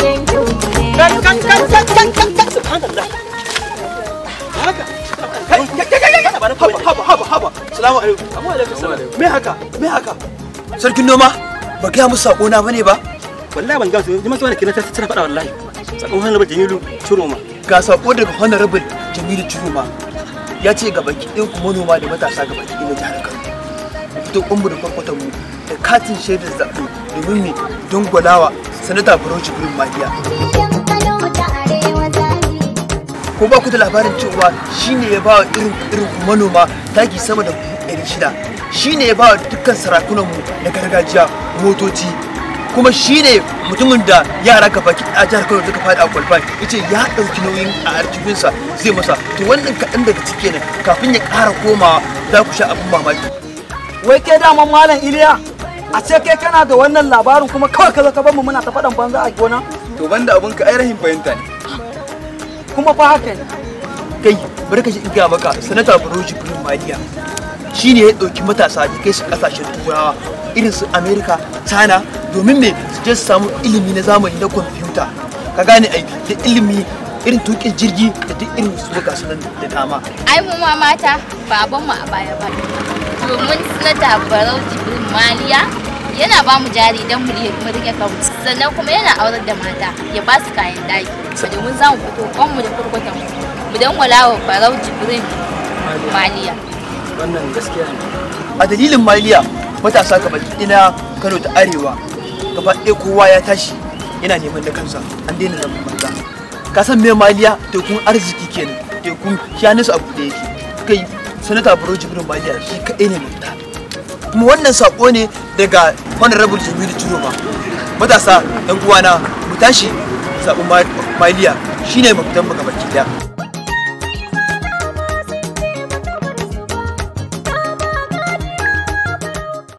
Me haka? haka? Sarkin noma ba gaya musu sakona ba ne ba? Wallahi ban gaya musu, jima kima kina ta tsira faɗa wallahi. Sakon Honorable Jamilu Chiroma. Ga sako daga Honorable Jamilu Chiroma. Ya ce baki kiɗin kuma noma da matasa gaba kiɗin na jihar Kano. Fito ƙumbu da kwakwatan mu da katin shaidar zaɓe domin mu dungulawa sanata Buroji Green Madiya. Ko ba ku da labarin cewa shi ne ya ba wa irin irin manoma taki sama da ɗari shida. Shi ne ya ba wa dukkan sarakunanmu na gargajiya motoci. Kuma shi ne mutumin da yara ka baki a jihar Kano suka faɗi a kwalfan yace ya ɗauki nauyin a arkifinsa zai masa to wannan kaɗan daga ciki ne kafin ya kara komawa za ku sha abin mamaki. Wai ke daman Malam Iliya a ce kai kana da wannan labarin kuma kawai ka zo ka mu muna ta faɗan banza a gona to banda abin ka ai rahin fahimta ne kuma fa haka ne kai bari ka ji in maka sanata buruji burin maliya shine ya dauki matasa ya kai su ƙasashen turawa irin su america china domin me su je su samu ilimi na zamani na kwamfuta ka gane aiki da ilimi irin tukin jirgi da duk irin su ga su da dama ai mu ma mata baban mu a baya ba domin sanata barau jibril maliya yana ba mu jari don mu rike kauci sannan kuma yana aurar da mata ya ba su kayan daki domin za mu fito kwanmu da kurkwatan mu don wa farau jibrin maliya wannan gaskiya ne a dalilin maliya matasa kamar ina kano ta arewa gaba ɗaya kowa ya tashi yana neman da kansa an daina zama banza ka san me maliya tekun arziki kenan tekun su a buɗe yake kai sanata buro jibrin maliya shi kaɗai ne mai kuma wannan sako ne daga honorable jibiru ba matasa yan uwana mu tashi zaɓin maliya shine mafitan mu gabaki daya